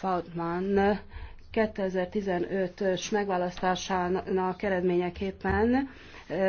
Faudman 2015-ös megválasztásának eredményeképpen